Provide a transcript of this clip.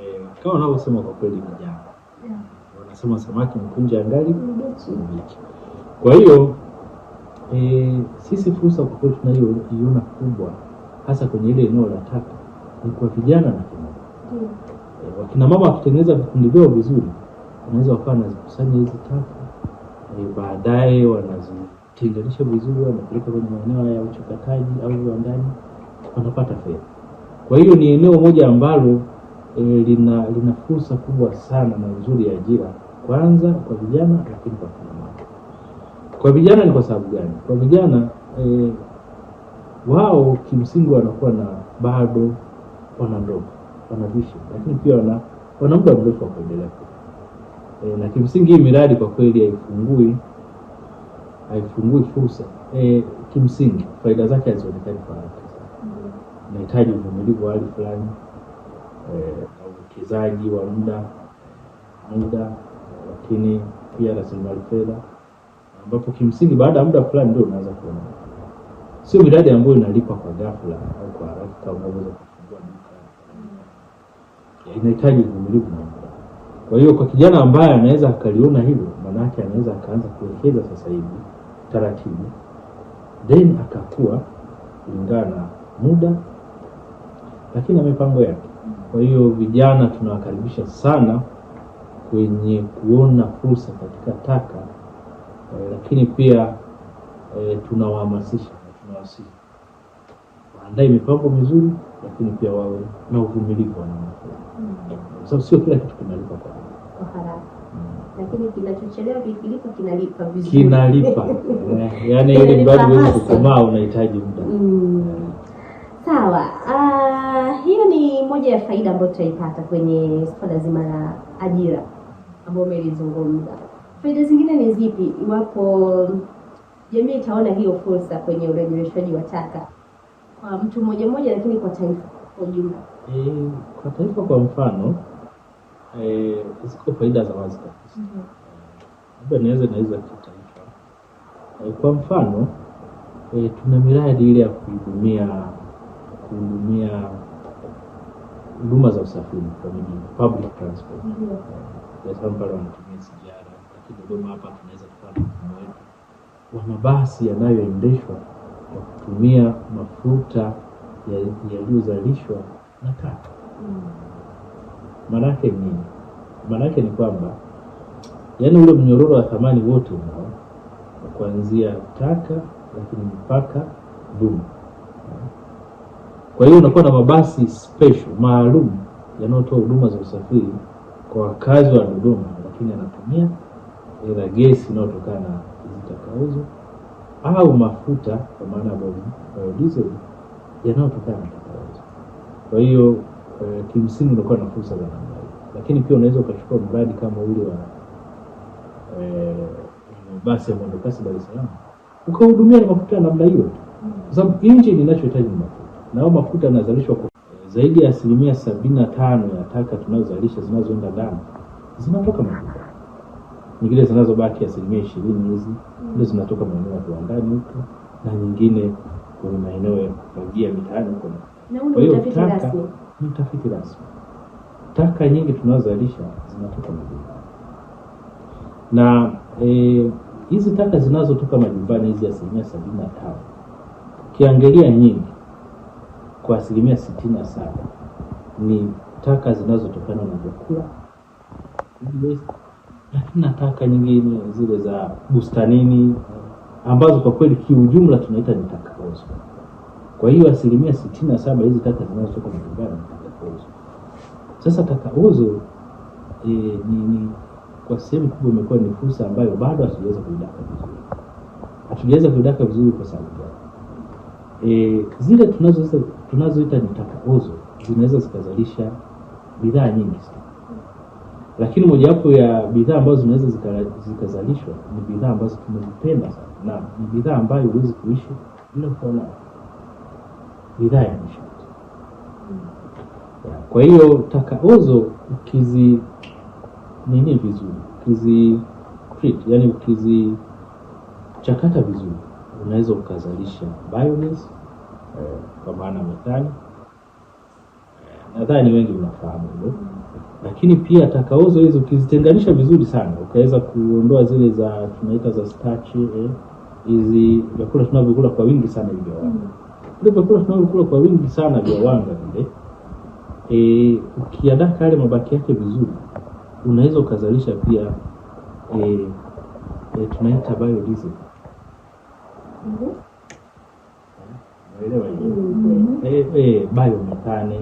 Eh, kama unavyosema kwa kweli ni yeah. Wanasema samaki mkunja angali mbichi. Kwa hiyo e, sisi fursa kwa kweli tunayoiona kubwa hasa kwenye ile eneo la taka ni kwa vijana na kina mama yeah. E, wakina mama wakitengeneza vikundi vyao vizuri, wanaweza wakawa wanazikusanya hizi taka e, baadaye wanazitenganisha vizuri, wanapeleka kwenye maeneo ya uchakataji au viwandani, wanapata fedha. Kwa hiyo ni eneo moja ambalo e, lina lina fursa kubwa sana na nzuri ya ajira, kwanza kwa vijana, lakini kwa kina mama. Kwa vijana ni kwa sababu gani? Kwa vijana e, wao kimsingi wanakuwa na bado wana ndogo wana lakini pia wana wana muda mrefu wa kuendelea e, na kimsingi hii miradi kwa kweli haifungui haifungui fursa e, kimsingi faida zake hazionekani kwa haraka sana, inahitaji mm. uvumilivu wa hali fulani na eh, uwekezaji wa muda muda, lakini pia rasilimali fedha, ambapo kimsingi baada ya muda fulani ndio unaanza kuona. Sio miradi ambayo inalipa kwa ghafla au kwa haraka kama unaweza kufungua duka, inahitaji uvumilivu na muda. Kwa hiyo kwa kijana ambaye anaweza akaliona hivyo, manake anaweza akaanza kuwekeza sasa hivi taratibu, then akakuwa kulingana na muda, lakini na mipango yake. Kwa hiyo vijana tunawakaribisha sana kwenye kuona fursa katika taka e, lakini pia e, tunawahamasisha na tunawasihi waandae mipango mizuri, lakini pia wawe na uvumilivu kwa mm. sababu sio kila kitu kinalipa kwa haraka, mm. lakini kinachochelewa kilipo kinalipa vizuri, kinalipa yaani, ili mradi uweze kukomaa unahitaji muda. Mm. Sawa. Ah, moja ya faida ambayo tutaipata kwenye swala zima la ajira ambayo umelizungumza, faida zingine ni zipi? Iwapo jamii itaona hiyo fursa kwenye urejeshaji wa taka kwa mtu mmoja mmoja, lakini kwa taifa kwa ujumla. E, kwa taifa kwa mfano e, ziko faida za wazi kabisa mhm. labda niweze naweza kitaifa e, eh, kwa mfano e, tuna miradi ile ya kuhudumia kuhudumia huduma za usafiri kwa mjini, public transport. Kwa eh, sababu pale wanatumia sigara, lakini Dodoma hapa tunaweza tukawa mfumo wetu wa mabasi yanayoendeshwa kwa kutumia mafuta yaliyozalishwa na taka. Hmm. Maanake nini? Maanake ni kwamba yaani ule mnyororo wa thamani wote unao kuanzia taka, lakini mpaka huduma kwa hiyo unakuwa na mabasi special maalum yanayotoa huduma za usafiri kwa wakazi wa Dodoma, lakini anatumia ila gesi inayotokana na zitakaozo au mafuta kwa maana ya biodiesel yanayotokana na takaozo. Kwa hiyo eh, kimsingi unakuwa na fursa za namna hiyo, lakini pia unaweza ukachukua mradi kama ule wa eh, basi ya mwendokasi Dar es Salaam ukahudumia na mafuta ya namna hiyo, kwa sababu injini inachohitaji ni mafuta na hao mafuta yanazalishwa kwa zaidi ya asilimia sabini na tano ya taka tunazozalisha zinazoenda ndani zinatoka mafuta, nyingine zinazobaki asilimia ishirini hizi ndio zinatoka maeneo ya viwandani huko na nyingine kwenye maeneo ya kufagia mitaani huko. Kwa hiyo taka ni utafiti rasmi, taka nyingi tunazozalisha zinatoka majumbani na e, hizi e, taka zinazotoka majumbani hizi asilimia sabini na tano ukiangalia nyingi kwa asilimia sitini na saba ni taka zinazotokana na vyakula lakini na taka nyingine zile za bustanini ambazo kwa kweli kiujumla tunaita ni taka ozo. Kwa hiyo asilimia sitini na saba hizi taka zinazotoka majumbani ni taka ozo. Sasa taka ozo e, ni, ni kwa sehemu kubwa imekuwa ni fursa ambayo bado hatujaweza kuidaka vizuri, hatujaweza kuidaka vizuri kwa sababu gani? e, zile tunazoita tunazoita ni takaozo zinaweza zikazalisha bidhaa nyingi sana, lakini mojawapo ya bidhaa ambazo zinaweza zikazalishwa ni bidhaa ambazo tumezipenda sana na ni bidhaa ambayo huwezi kuishi bila kuona bidhaa ya nishati. Kwa hiyo takaozo ukizi nini vizuri, ukizi yani ukizichakata vizuri unaweza ukazalisha biogas eh, kwa maana metani eh, nadhani wengi mnafahamu hilo Lakini pia takaozo hizo ukizitenganisha vizuri sana ukaweza kuondoa zile za tunaita za starch eh, hizi eh, vyakula tunavyokula kwa wingi sana hivi vya wanga mm. vile vyakula tunavyokula kwa wingi sana vya wanga vile eh, ukiadaka yale mabaki yake vizuri unaweza ukazalisha pia eh, eh, tunaita biodiesel නේද වෙන්නේ ඒ ඒ බයොමෙකානේ